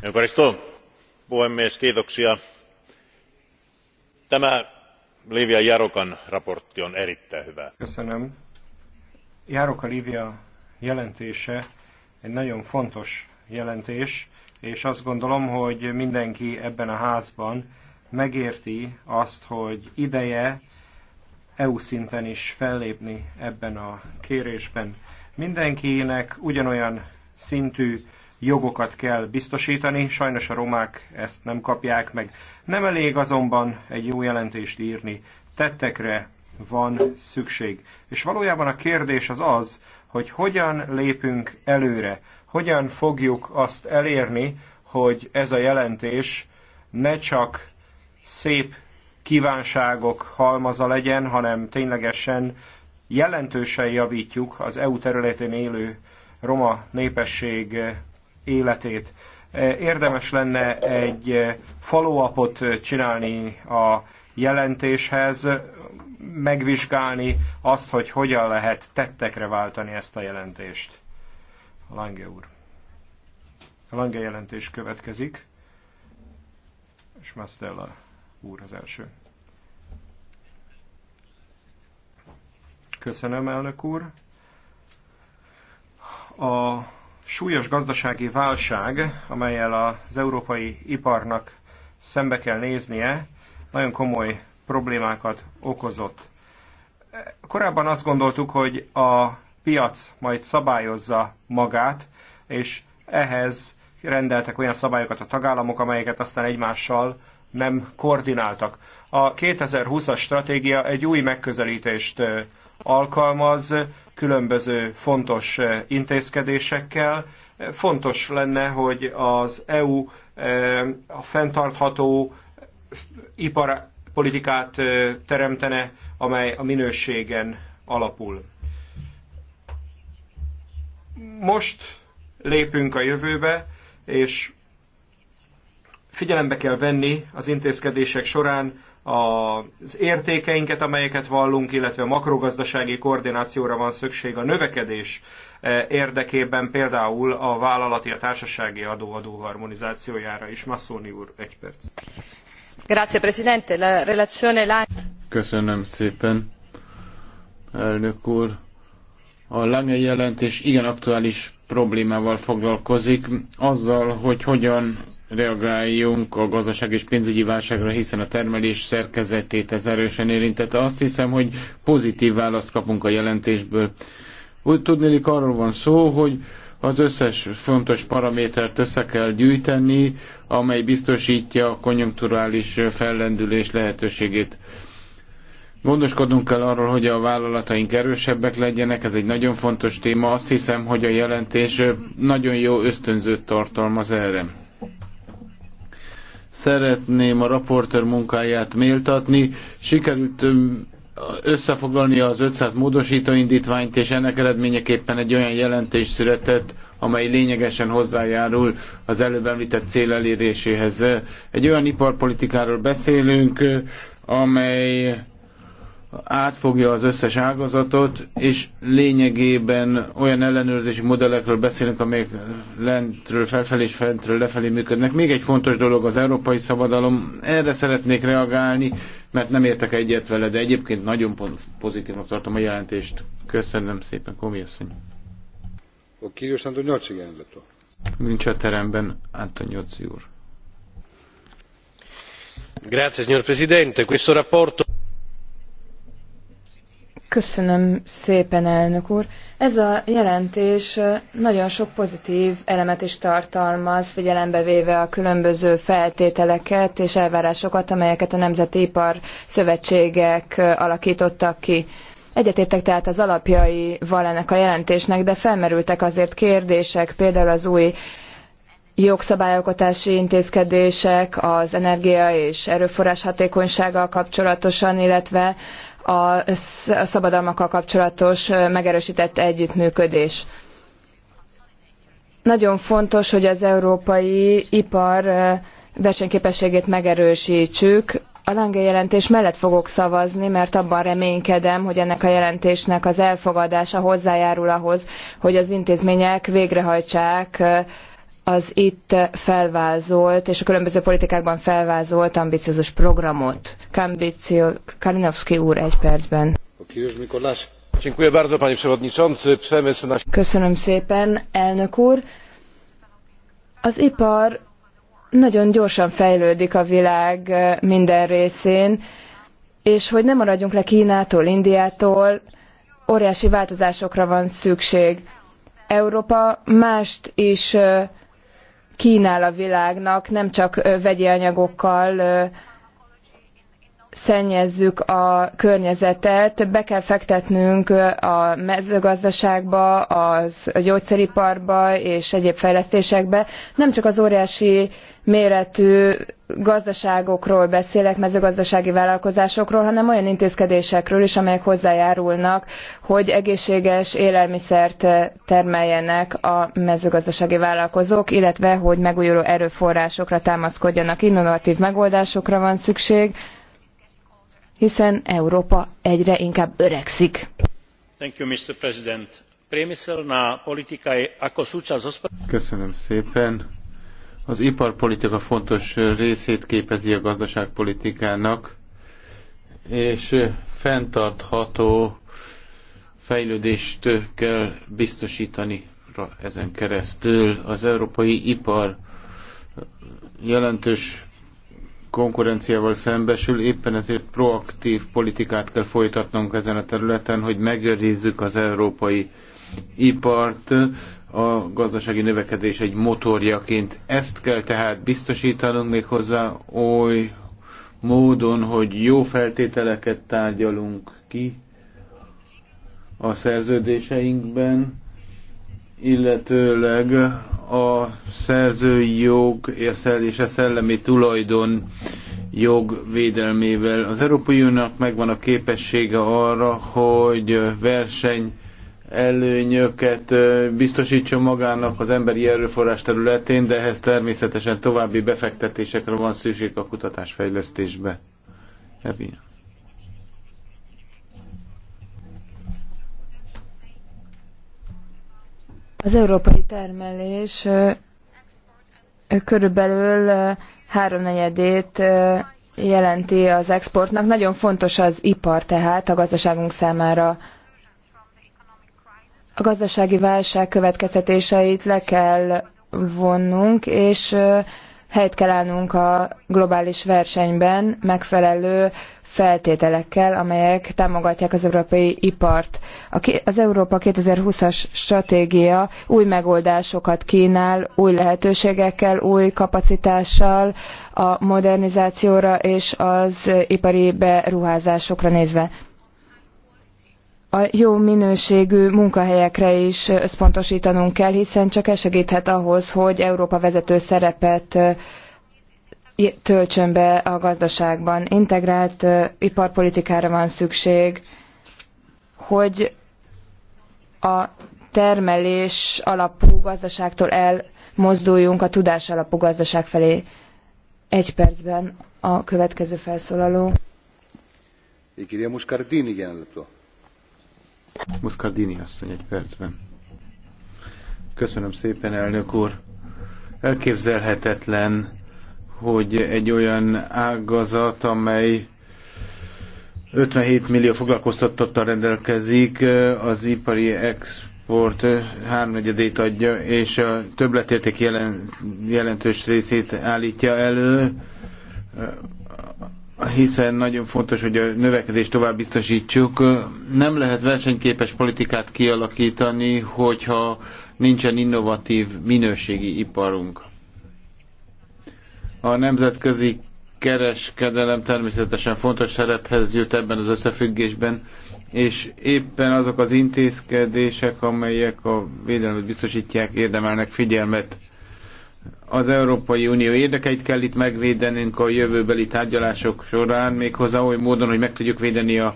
Eukaristó, puhemies, kiitoksia. Tämä Livia Jarokan raportti on erittäin hyvä. Köszönöm. Jaroka Livia jelentése egy nagyon fontos jelentés, és azt gondolom, hogy mindenki ebben a házban megérti azt, hogy ideje EU szinten is fellépni ebben a kérésben. Mindenkinek ugyanolyan szintű jogokat kell biztosítani, sajnos a romák ezt nem kapják meg. Nem elég azonban egy jó jelentést írni, tettekre van szükség. És valójában a kérdés az az, hogy hogyan lépünk előre, hogyan fogjuk azt elérni, hogy ez a jelentés ne csak szép kívánságok halmaza legyen, hanem ténylegesen jelentősen javítjuk az EU területén élő roma népesség életét. Érdemes lenne egy follow csinálni a jelentéshez, megvizsgálni azt, hogy hogyan lehet tettekre váltani ezt a jelentést. Lange úr. A Lange jelentés következik, és Mastella úr az első. Köszönöm, elnök úr. A súlyos gazdasági válság, amelyel az európai iparnak szembe kell néznie, nagyon komoly problémákat okozott. Korábban azt gondoltuk, hogy a piac majd szabályozza magát, és ehhez rendeltek olyan szabályokat a tagállamok, amelyeket aztán egymással nem koordináltak. A 2020-as stratégia egy új megközelítést alkalmaz, különböző fontos intézkedésekkel. Fontos lenne, hogy az EU a fenntartható ipar politikát teremtene, amely a minőségen alapul. Most lépünk a jövőbe, és figyelembe kell venni az intézkedések során az értékeinket, amelyeket vallunk, illetve a makrogazdasági koordinációra van szükség a növekedés érdekében, például a vállalati, a társasági adóadó harmonizációjára is. Masszóni úr, egy perc. Köszönöm szépen, elnök úr. A Lange jelentés igen aktuális problémával foglalkozik, azzal, hogy hogyan reagáljunk a gazdaság és pénzügyi válságra, hiszen a termelés szerkezetét ez erősen érintette. Azt hiszem, hogy pozitív választ kapunk a jelentésből. Úgy tudnélik arról van szó, hogy az összes fontos paramétert össze kell gyűjteni, amely biztosítja a konjunkturális fellendülés lehetőségét. Gondoskodnunk kell arról, hogy a vállalataink erősebbek legyenek, ez egy nagyon fontos téma. Azt hiszem, hogy a jelentés nagyon jó ösztönzőt tartalmaz erre. Szeretném a raportőr munkáját méltatni. Sikerült összefoglalni az 500 módosító indítványt, és ennek eredményeképpen egy olyan jelentés született, amely lényegesen hozzájárul az előbb említett cél eléréséhez. Egy olyan iparpolitikáról beszélünk, amely átfogja az összes ágazatot, és lényegében olyan ellenőrzési modellekről beszélünk, amelyek lentről felfelé és fentről lefelé működnek. Még egy fontos dolog az európai szabadalom. Erre szeretnék reagálni, mert nem értek egyet vele, de egyébként nagyon pozitívnak tartom a jelentést. Köszönöm szépen, Komi asszony. A kíros Nincs a teremben Antoniocsi úr. Grazie, signor Presidente. Questo rapporto Köszönöm szépen, elnök úr. Ez a jelentés nagyon sok pozitív elemet is tartalmaz, figyelembe véve a különböző feltételeket és elvárásokat, amelyeket a Nemzeti Ipar Szövetségek alakítottak ki. Egyetértek tehát az alapjaival ennek a jelentésnek, de felmerültek azért kérdések, például az új jogszabályalkotási intézkedések az energia és erőforrás hatékonysággal kapcsolatosan, illetve a szabadalmakkal kapcsolatos megerősített együttműködés. Nagyon fontos, hogy az európai ipar versenyképességét megerősítsük. A Lange jelentés mellett fogok szavazni, mert abban reménykedem, hogy ennek a jelentésnek az elfogadása hozzájárul ahhoz, hogy az intézmények végrehajtsák az itt felvázolt és a különböző politikákban felvázolt ambiciózus programot. Kambicio, Kalinowski úr egy percben. Köszönöm szépen, elnök úr. Az ipar nagyon gyorsan fejlődik a világ minden részén, és hogy ne maradjunk le Kínától, Indiától, óriási változásokra van szükség. Európa mást is kínál a világnak, nem csak vegyi anyagokkal szennyezzük a környezetet, be kell fektetnünk a mezőgazdaságba, a gyógyszeriparba és egyéb fejlesztésekbe, nem csak az óriási méretű gazdaságokról beszélek, mezőgazdasági vállalkozásokról, hanem olyan intézkedésekről is, amelyek hozzájárulnak, hogy egészséges élelmiszert termeljenek a mezőgazdasági vállalkozók, illetve hogy megújuló erőforrásokra támaszkodjanak. Innovatív megoldásokra van szükség, hiszen Európa egyre inkább öregszik. Thank you, Mr. President. Köszönöm szépen az iparpolitika fontos részét képezi a gazdaságpolitikának, és fenntartható fejlődést kell biztosítani ezen keresztül. Az európai ipar jelentős konkurenciával szembesül, éppen ezért proaktív politikát kell folytatnunk ezen a területen, hogy megőrizzük az európai ipart, a gazdasági növekedés egy motorjaként. Ezt kell tehát biztosítanunk még hozzá oly módon, hogy jó feltételeket tárgyalunk ki a szerződéseinkben, illetőleg a szerzői jog és a szellemi tulajdon jog védelmével. Az Európai Uniónak megvan a képessége arra, hogy verseny előnyöket biztosítson magának az emberi erőforrás területén, de ehhez természetesen további befektetésekre van szükség a kutatásfejlesztésbe. Evi. Az európai termelés körülbelül háromnegyedét jelenti az exportnak. Nagyon fontos az ipar tehát a gazdaságunk számára a gazdasági válság következtetéseit le kell vonnunk, és helyt kell állnunk a globális versenyben megfelelő feltételekkel, amelyek támogatják az európai ipart. Az Európa 2020-as stratégia új megoldásokat kínál, új lehetőségekkel, új kapacitással a modernizációra és az ipari beruházásokra nézve a jó minőségű munkahelyekre is összpontosítanunk kell, hiszen csak ez segíthet ahhoz, hogy Európa vezető szerepet töltsön be a gazdaságban. Integrált iparpolitikára van szükség, hogy a termelés alapú gazdaságtól elmozduljunk a tudás alapú gazdaság felé. Egy percben a következő felszólaló. Η κυρία Μουσκαρτίνη Muscardini asszony egy percben. Köszönöm szépen, elnök úr. Elképzelhetetlen, hogy egy olyan ágazat, amely 57 millió foglalkoztatottal rendelkezik, az ipari export háromnegyedét adja, és a többletérték jelen, jelentős részét állítja elő hiszen nagyon fontos, hogy a növekedést tovább biztosítsuk. Nem lehet versenyképes politikát kialakítani, hogyha nincsen innovatív minőségi iparunk. A nemzetközi kereskedelem természetesen fontos szerephez jut ebben az összefüggésben, és éppen azok az intézkedések, amelyek a védelmet biztosítják, érdemelnek figyelmet az Európai Unió érdekeit kell itt megvédenünk a jövőbeli tárgyalások során, méghozzá oly módon, hogy meg tudjuk védeni a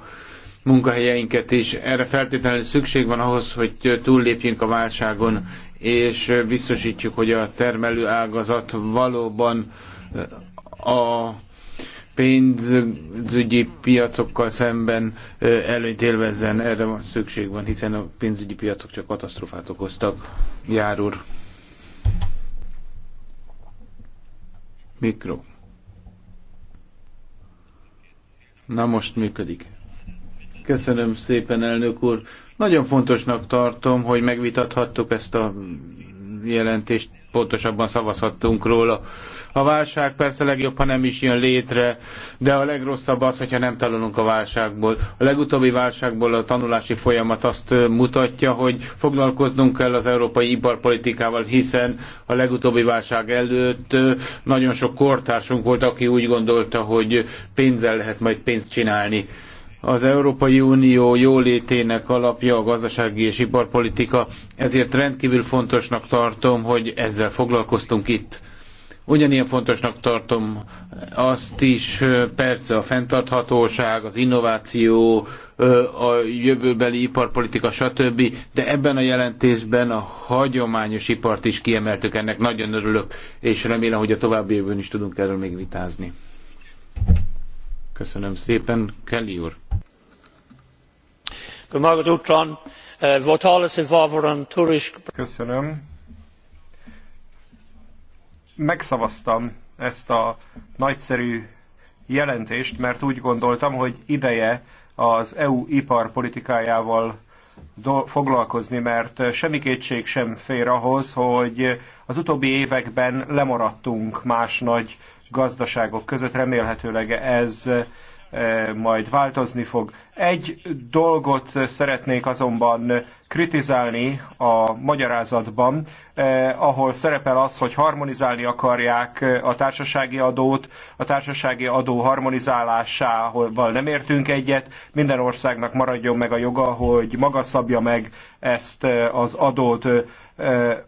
munkahelyeinket is. Erre feltétlenül szükség van ahhoz, hogy túllépjünk a válságon, és biztosítjuk, hogy a termelő ágazat valóban a pénzügyi piacokkal szemben előnyt élvezzen. Erre van szükség van, hiszen a pénzügyi piacok csak katasztrofát okoztak. Jár úr. Mikro. Na most működik. Köszönöm szépen, elnök úr. Nagyon fontosnak tartom, hogy megvitathattuk ezt a jelentést pontosabban szavazhattunk róla. A válság persze legjobb, ha nem is jön létre, de a legrosszabb az, hogyha nem tanulunk a válságból. A legutóbbi válságból a tanulási folyamat azt mutatja, hogy foglalkoznunk kell az európai iparpolitikával, hiszen a legutóbbi válság előtt nagyon sok kortársunk volt, aki úgy gondolta, hogy pénzzel lehet majd pénzt csinálni az Európai Unió jólétének alapja a gazdasági és iparpolitika, ezért rendkívül fontosnak tartom, hogy ezzel foglalkoztunk itt. Ugyanilyen fontosnak tartom azt is, persze a fenntarthatóság, az innováció, a jövőbeli iparpolitika, stb. De ebben a jelentésben a hagyományos ipart is kiemeltük, ennek nagyon örülök, és remélem, hogy a további évben is tudunk erről még vitázni. Köszönöm szépen. Kelly úr. Uh, Köszönöm. Megszavaztam ezt a nagyszerű jelentést, mert úgy gondoltam, hogy ideje az EU iparpolitikájával foglalkozni, mert semmi kétség sem fér ahhoz, hogy az utóbbi években lemaradtunk más nagy gazdaságok között. Remélhetőleg ez eh, majd változni fog. Egy dolgot szeretnék azonban kritizálni a magyarázatban, eh, ahol szerepel az, hogy harmonizálni akarják eh, a társasági adót, a társasági adó harmonizálásával nem értünk egyet, minden országnak maradjon meg a joga, hogy maga szabja meg ezt eh, az adót. Eh,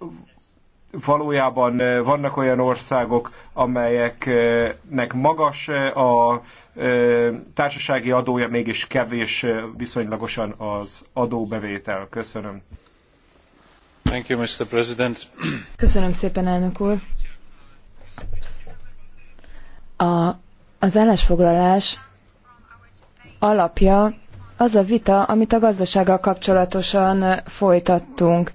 valójában vannak olyan országok, amelyeknek magas a társasági adója, mégis kevés viszonylagosan az adóbevétel. Köszönöm. Thank you, Mr. President. Köszönöm szépen, elnök úr. A, az állásfoglalás alapja az a vita, amit a gazdasággal kapcsolatosan folytattunk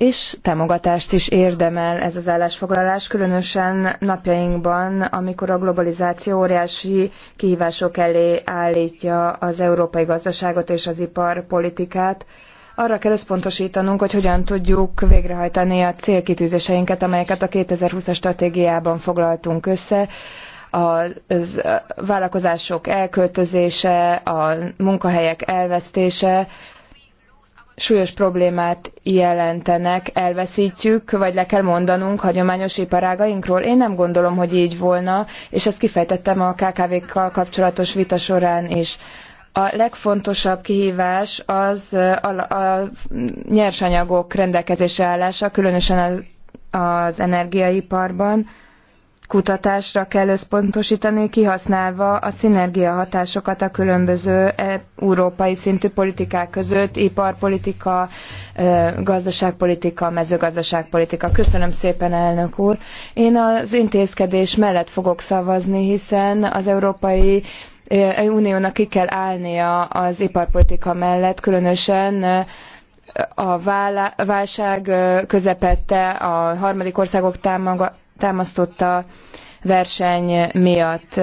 és támogatást is érdemel ez az állásfoglalás, különösen napjainkban, amikor a globalizáció óriási kihívások elé állítja az európai gazdaságot és az iparpolitikát. Arra kell összpontosítanunk, hogy hogyan tudjuk végrehajtani a célkitűzéseinket, amelyeket a 2020-as stratégiában foglaltunk össze, a vállalkozások elköltözése, a munkahelyek elvesztése, súlyos problémát jelentenek, elveszítjük, vagy le kell mondanunk hagyományos iparágainkról. Én nem gondolom, hogy így volna, és ezt kifejtettem a KKV-kkal kapcsolatos vita során is. A legfontosabb kihívás az a, a nyersanyagok rendelkezésre állása, különösen az, az energiaiparban kutatásra kell összpontosítani, kihasználva a szinergia hatásokat a különböző e, európai szintű politikák között, iparpolitika, e, gazdaságpolitika, mezőgazdaságpolitika. Köszönöm szépen, elnök úr. Én az intézkedés mellett fogok szavazni, hiszen az európai e, Uniónak ki kell állnia az iparpolitika mellett, különösen a válság közepette a harmadik országok támogatása támasztotta verseny miatt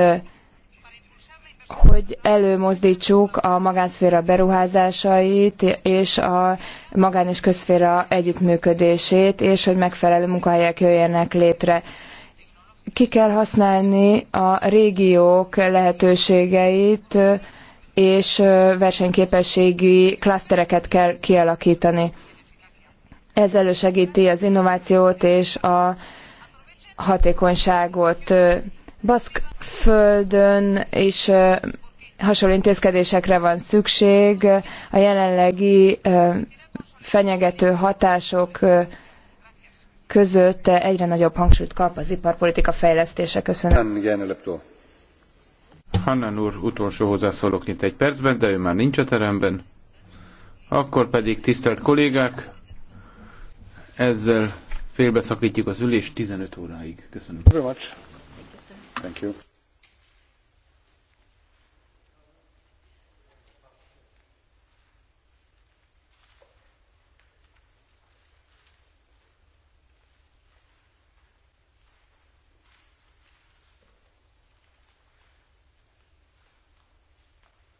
hogy előmozdítsuk a magánszféra beruházásait és a magán és közszféra együttműködését, és hogy megfelelő munkahelyek jöjjenek létre. Ki kell használni a régiók lehetőségeit, és versenyképességi klasztereket kell kialakítani. Ez elősegíti az innovációt és a hatékonyságot. Baszk földön is hasonló intézkedésekre van szükség. A jelenlegi fenyegető hatások között egyre nagyobb hangsúlyt kap az iparpolitika fejlesztése. Köszönöm. Hannan úr utolsó hozzászólok itt egy percben, de ő már nincs a teremben. Akkor pedig tisztelt kollégák, ezzel Félbeszakítjuk az ülést 15 óráig. Köszönöm. Thank you.